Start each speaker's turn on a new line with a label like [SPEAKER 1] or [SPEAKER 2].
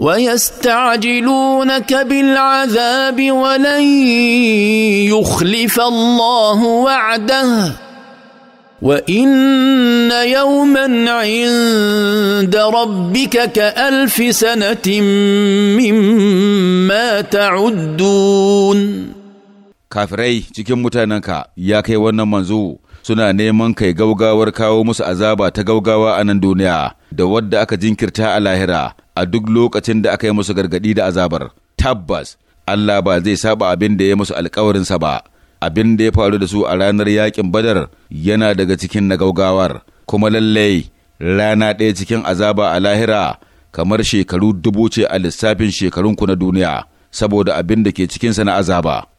[SPEAKER 1] ويستعجلونك بالعذاب ولن يخلف الله وعده وان يوما عند ربك كالف سنه مما تعدون
[SPEAKER 2] kafirai cikin mutanenka ya kai wannan manzo suna neman kai gaugawar kawo musu azaba ta gaugawa a nan duniya da wadda aka jinkirta a lahira a duk lokacin da aka yi musu gargaɗi da azabar tabbas Allah ba zai saba abin da ya musu alkawarinsa ba abin da ya faru da su a ranar yakin badar yana daga cikin na gaugawar kuma lallai rana ɗaya cikin azaba a lahira kamar shekaru dubu ce a lissafin shekarunku na duniya saboda abin da ke cikinsa na azaba